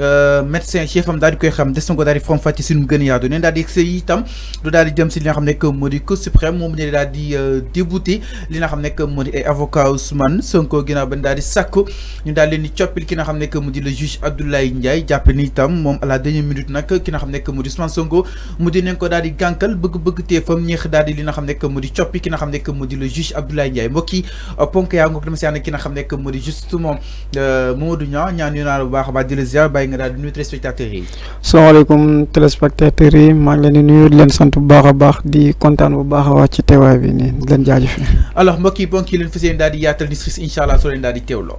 Euh, médecin chef am daal di koy xam des na ko di faram fàcce si nu mu gën a yaatu neen daal di sëy itam du daal di jëm si li nga xam nekk moo di Cour suprême moom ne daal di euh, débouté li ki nga xam nekk mu di le juge Abdoulaye Ndiaye jàpp moom à la dernière minute mu di Ousmane Sonko di ko daal di gànkal bëgg-bëgg teefam ñeex daal di li nga xam nekk mu di coppi ki nga xam nekk mu di le juge Abdoulaye Ndiaye mbokk euh, ponk yaa ngoog dama si ànd ki nga xam nekk mu di justement Mamadou Niang ñaan yu bu baax a di la ziar bàyyi nga daal di nuyu téléspectateurs yi. salaamaaleykum téléspectateurs yi maa ngi leen di leen sant bu baax a baax di kontaan bu baax a wax ci teewaay bi nii di leen jaajëf. alors mbokk yi ponk yi leen fas yéene daal di yaatal ni incha allah soo leen daal di teewloo.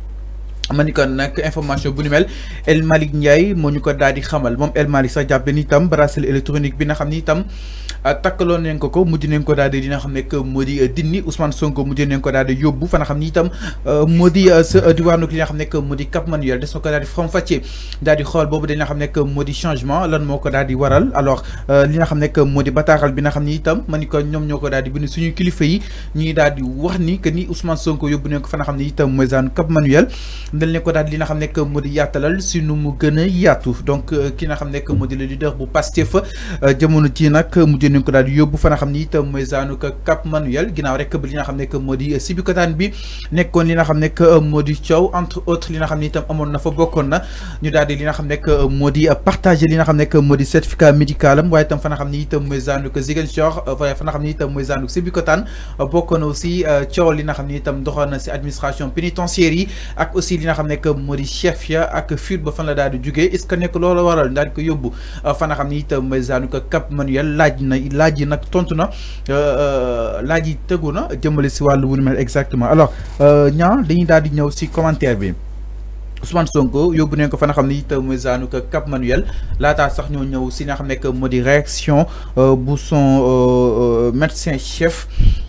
ma ni kon information bu ni mel El malik ndjay mo ñu ko daal xamal mom El malik sa jàpp ni tam bracelet électronique bi nga xamni tam takalon takkaloon nañ ko ko mujj nañ ko daal dina xamne ke modi dinni Ousmane Sonko mujj nañ ko daal yóbbu fa nga xamni tam modi moo di ki nga xamne ke modi Cap Manuel de na ko daal fatié faram xol bobu dina xamne ke modi changement lan moko ko waral alors li nga xamne ke modi bataxal bi nga xamni ni itam ma ni ko ñoom ñoo ko suñu kilifa yi ñi daal wax ni ke ni Ousmane Sonko yóbbu nañ ko fa nga xamni tam itam Cap Manuel dañ ni ko dal li nga xamne nekk modi yatalal yaatalal si nu mu gën a donc ki nga xamne que modi le leader bu Pastef jamono ci nak mujj nañ ko dal yóbbu fa nga xam ni itam mooy zaanuka Cap Manuel ginaaw rek ba li nga xamne nekk modi di Sébikotane bi nekkoon li nga xamne nekk modi di entre autres li nga xamni tam amon na fa bokkoon na ñu dal di li nga xamne nekk modi partager li nga xamne nekk modi certificat médical am waaye itam fa nga xam ni que mooy zaanuka Ziguinchor waaye fa nga xam ni itam mooy zaanuka Sébikotane aussi coow li nga xamni tam itam na ci administration pénitentiaire ak aussi li nga que chef ya ak fuite ba la daal di est ce que nek lolo waral daal ko yobbu euh, xamni itam Cap Manuel laaj na laaj tontu na euh, euh, laaj si wu mel exactement alors ñaan dañuy daal di ñew ci commentaire bi. Ousmane Sonko yobbu fa itam Cap Manuel sax ñoo ñew si que réaction bu son médecin chef.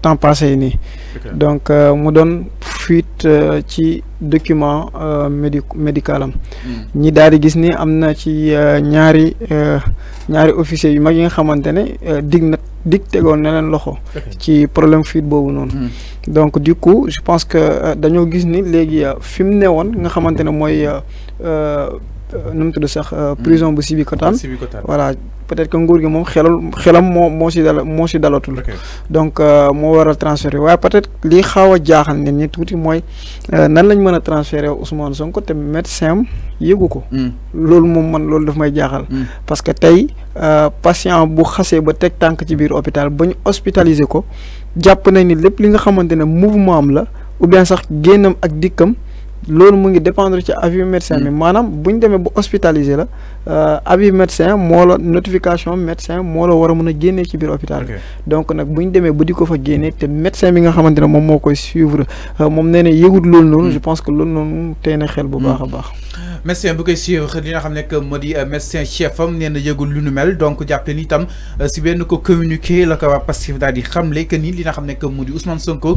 temps passé yi donc euh, mu doon fuite euh, ci document euh, médical am hmm. ñi daal di gis ni am na ci euh, ñaari euh, ñaari officier yu mag yi nga xamantene dig na dig tegoon na leen loxo ci problème fuite boobu noonu hmm. donc du coup je pense que dañoo gis ni léegi fi mu ne nga xamantene ne mooy nu mu tudd sax hmm. prison bu Sébikotane voilà peut-être que nguur gi moom xelal xelam moo moo si dal moo si dalatul donc moo waral transfert yi waaye peut-être li xaw a jaaxal nit ñi tuuti mooy nan lañ mën mën a transféré Ousmane Sonko te médecin am yëgu ko. Mm. loolu moom man loolu daf may jaaxal. Mm. parce que tey euh, patient bu xasee ba teg tànk ci biir hôpital bañ ñu hospitalisé ko jàpp nañ ni lépp li nga xamante ne mouvement am la ou sax génnam ak dikkam. loolu mu ngi dépendre ci avis médecin bi mm. maanaam bu ñu bu hospitalisé la euh avis médecin moo la notification médecin moo la war a mën ci biir hôpital donc nak buñ démé bu diko fa génné té médecin bi nga xamante mom moom koy suivre euh, mom nee na yëgut loolu mm. je pense que loolu noonu tey xel bu mm. baaxa baax médecin bu koy suivre li nga xamné que modi euh, médecin chef am nee na lu nu mel donc jappé ni tam ci euh, bénn ko communiquer la ko waa Pastef daal di xamle que ni li nga xamné que modi Ousmane Sonko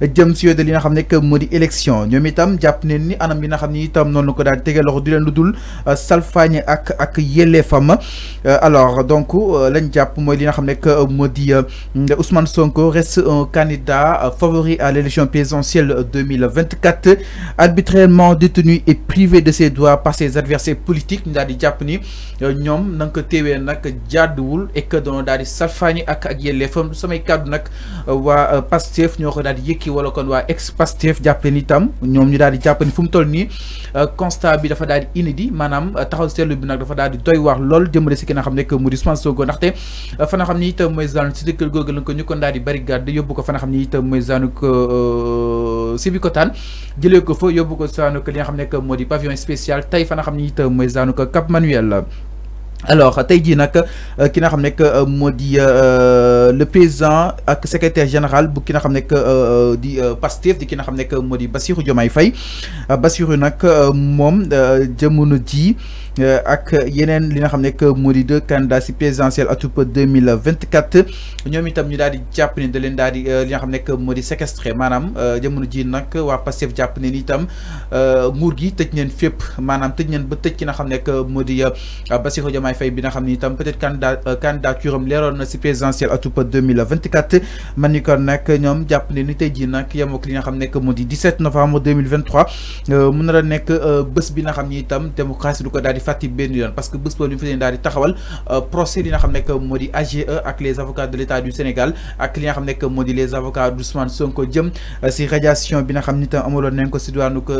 jëm si yooyu de li nga xam ne moo di élection ñoom itam jàpp ne ni anam bi na xam ne itam noonu ko daal tege loxo di leen lu dul euh, salfaañe ak ak femme. Euh, alors donc euh, lañ jàpp mooy li nga xam ne moo Ousmane Sonko reste un candidat favori à l'élection présidentielle 2024 arbitrairement détenu et privé de ses droits par ses adversaires politiques ñu daal di jàpp ni ñoom na nga ko téewee et que doon daal di salfaañe ak ak yelleefam samay kàddu nag waa Pastef ñoo ko daal di Pikine wala kon waa ex Pastef jàppale ni itam ñoom ñu daal di jàpp ni fu toll nii euh, constat bi dafa daal di inédit maanaam euh, taxaw seetlu bi nag dafa daal di doy waar lool jëmale si ki nga xam nekk mu di Ousmane Sonko ndaxte euh, fa nga xam ni itam mooy zaanu si dëkkal googu lañ ko ñu kon daal di barricade yóbbu ko fa nga xam ni itam mooy zaanu Sébikotane jëlee ko fo yóbbu ko zaanu li nga xam nekk moo di pavillon spécial tey fa nga xam ni itam mooy zaanu Cap Manuel. alors tey jii nag euh, ki nga xam que euh, euh, le président ak secrétaire général bu ki nga xam que di pastif di ki nga xam que modi Bassirou Diomaye fay Bassirou nag moom jamono ji Euh, ak yeneen li na xam ne que moo di deux candidats si présidentielle atoup deux mille vingt quatre ñoom itam ñu daal di jàpp ne da leen daal di euh, li nga xam ne que moo di séquestré maanaam euh, jamono ji nag waa Pastef jàpp ne ni tam nguur gi tëj neen fépp maanaam tëj neen ba tëj ki nga xam ne moo di Bassirou Diomaye Faye bi nga xam ne itam peut être candidat candidature am leeroon na si présidentielle vingt quatre man ni kon nag ñoom jàpp ne ni tey jii nag yem ak li nga xam ne que di dix sept novembre deux mille a trois nekk bés bi nga xam ne itam démocratie du ko daal di Fatih benn parce que bés boobu ñu fa leen daal taxawal euh, procès li nga xam nekk modi. AGE ak les avocats de l'État du Sénégal ak li nga xam nekk les avocats d'Ousmane Sonko jëm ci euh, radiation bi nga xamni tam amaloon nañ ko ci diwaanu ko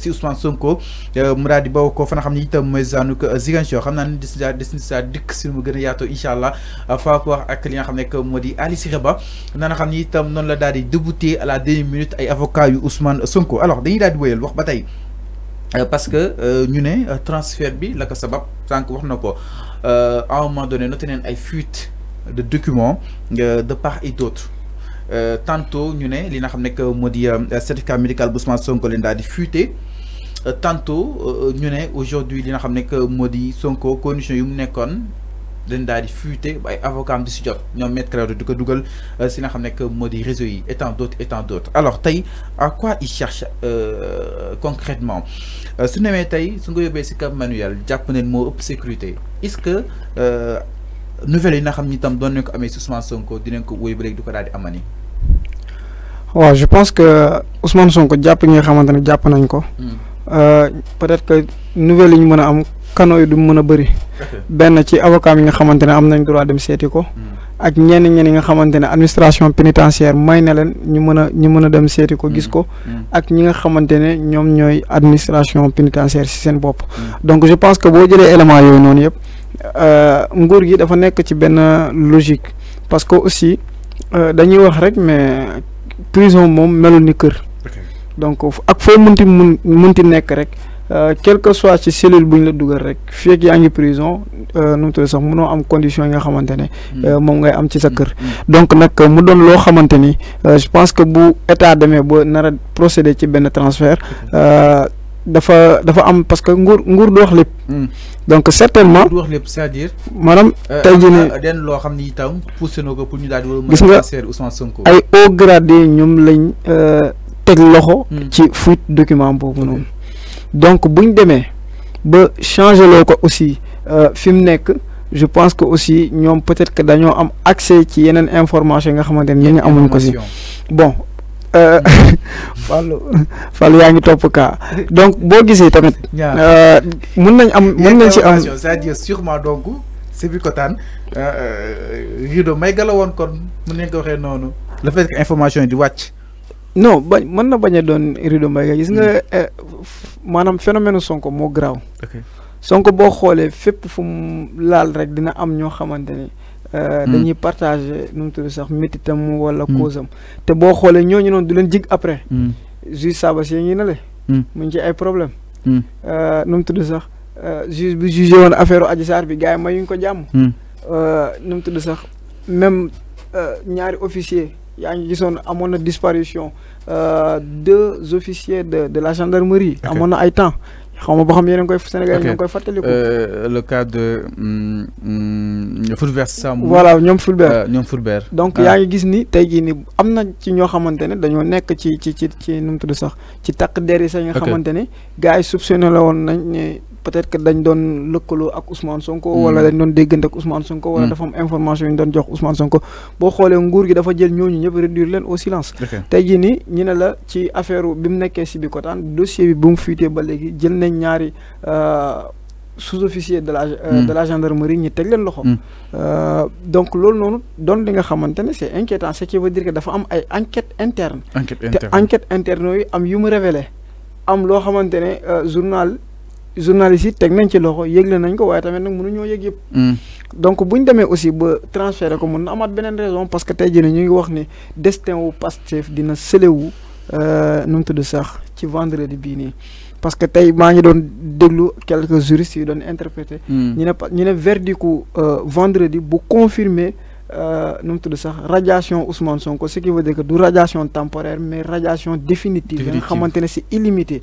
ci euh, Ousmane Sonko mu daal ko fa nga xamni tam itam mooy zaanu ko Ziguinchor xam naa ne des na des mu gëna a inshallah fa ko wax ak li nga xam Ali Siré na nga xam ni la daal di débouté à la dernière minute ay avocats yu Ousmane Sonko alors dañuy daal di wëyel wax ba euh, parce que euh, ñu ne euh, transfert bi la ko sabab sànq wax à un moment donné nous neen ay fuite de documents de part et d'autre tantôt ñu ne li nga xamné que modi certificat médical Ousmane Sonko leen da di fuité tantôt ñu ne aujourd'hui li nga xamné que modi Sonko condition yu nekkone dañ futé futé avocat am di si jot ñoom maître google di ko dugal euh, si nga xamné que modi réseau yi et tant d'autres et tant d'autres alors tay à quoi il cherche euh, concrètement euh, su néwé tay su nga yóbbee si Cap Manuel japp né mo ëpp sécurité est-ce que nouvelle yi n'a xam ni tam doon ko amé Ousmane Sonko dinañ ko wóy du ko amani. waaw je pense que Ousmane Sonko japp nga xamante japp nañ ko. Hmm. peut-être que nouvelle yi ñu mën am. canaux yi du mën a bëri. benn ci avocat yi nga xamante ne am nañ droit dem seeti ko. Hmm. ak ñenn ñenn yi nga xamante ne administration pénitentiaire may na leen ñu mën a ñu mën a dem seeti ko gis hmm. ko. Hmm. ak ñi nga xamante ne ñoom ñooy administration pénitentiaire ci seen bopp. donc je pense que boo jëlee éléments yooyu noonu yëpp euh, nguur gi dafa nekk ci benn logique parce que aussi euh, dañuy wax rek mais prison moom melul ni kër. donc ak foo munti mun munti nekk rek. Euh, quel que soit ci cellule bu ñu la dugal rek fekk yaa ngi prison euh, nu mu tudd sax mënoo am condition yi nga xamante ne hmm. euh, moom ngay am ci sa kër hmm. Hmm. donc nag mu doon loo xamante ni je pense que bu état demee ba nar procédé ci benn transfert dafa dafa am parce que nguur nguur du wax lépp. donc certainement du wax lépp cest à maanaam tey jii loo xam ni itam poussé na ko pour ñu daal di war a mën a ay haut gradé ñoom lañ teg loxo. ci fuite document boobu noonu. donc buñ démé ba changer loko aussi euh fim nek je pense que aussi ñom peut-être que daño am accès ci yenen information nga xamante ñi ñu amuñ ko ci bon euh Fallou fallu yaangi top ka donc bo gisee tamit. euh mën nañ am mën nañ ci am c'est-à-dire sûrement donc euh, euh rido may gala kon mën nga waxé waxee le fait que information di wacc non ba mën na bañ a doon rido mbay gis nga mm. eh, maanaam phénomène Sonko moo garaaw. Sonko boo xoolee fépp fu mu laal rek dina am ñoo xamante ni. Eh, mm. dañuy partager nu mu tudd sax walla wala mm. causam te boo xoolee ñoo ñu noonu du leen jig après. juge Sabass si ngi ne le. mu ngi ci ay problème eh, nu mu tudd sax juge bi jugé woon affaire Adji Sarr bi gars yi mayuñ ko jàmm. nu mu tudd sax même ñaari officier il y a une disparition disparition euh, deux officiers de la gendarmerie. à y ay temps xam y a euh, le cas de mm, mm, Fulbert voilà euh, Fulbert donc il y a ni y a ni am il y a une Il ci ci ci Il tudd sax ci y a gars peut-être que dañ doon lëkkaloo ak Ousmane Sonko. Mm. wala dañ doon déggante ak Ousmane Sonko. wala mm. dafa am information yu ñu doon jox Ousmane Sonko boo xoolee nguur gi dafa jël ñooñu ñëpp réduire leen au silence. te jii nii ñu ne la ci affaire bi mu nekkee si bi kotaan dossier bi bu mu fuitee ba léegi jël nañ ñaari. Euh, sous-officier de la euh, mm. de la gendarmerie ñi teg leen loxo. Euh, donc loolu noonu doon li nga xamante ne c'est inquiétant ce qui veut dire dafa am ay enquête interne. enquête interne te am yu mu révélé am loo xamante ne journal. journalistes yi mm. donc si on aussi raison parce que tu ñu ngi destin passe chef dina qui euh, vendredi bini. parce que quelques juristes qui doon interprété, mm. ne ñu euh, vendredi pour confirmer la euh, radiation Ousmane Sonko ce qui veut dire que du radiation temporaire mais radiation définitive. illimité.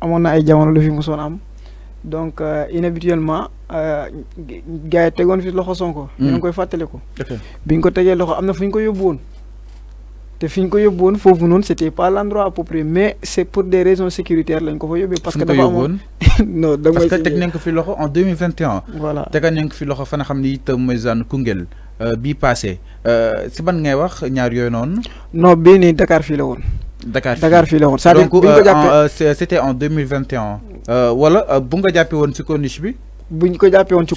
amona ay jamono lu fi musoon am donc euh, inhabituellement euh, gars yi tegoon fi loxo Sonko. Hmm. ñu koy koy fàttaliku. biñ ko tejé loxo amna na ko yóbbu woon te fi ko yóbbu woon foofu noonu c' pas l'endroit approprié mais c'est pour des raisons sécuritaires lañ ko fa yobé parce que dafa amoon non da parce que teg nañ ko fi loxo en 2021 mille vingt et un. voilà tegal nañ ko fi loxo fa xamni xam moy zane kungel zànn Koungheul euh, bii paase si ban ngay wax ñaar yoy non non bi ni Dakar fi la woon. Dakar Dakar fii la woon c'est-à-dire euh, euh, c'était en 2021 Euh wala euh, bu nga jappé won ci corniche bi buñ ko jappé won ci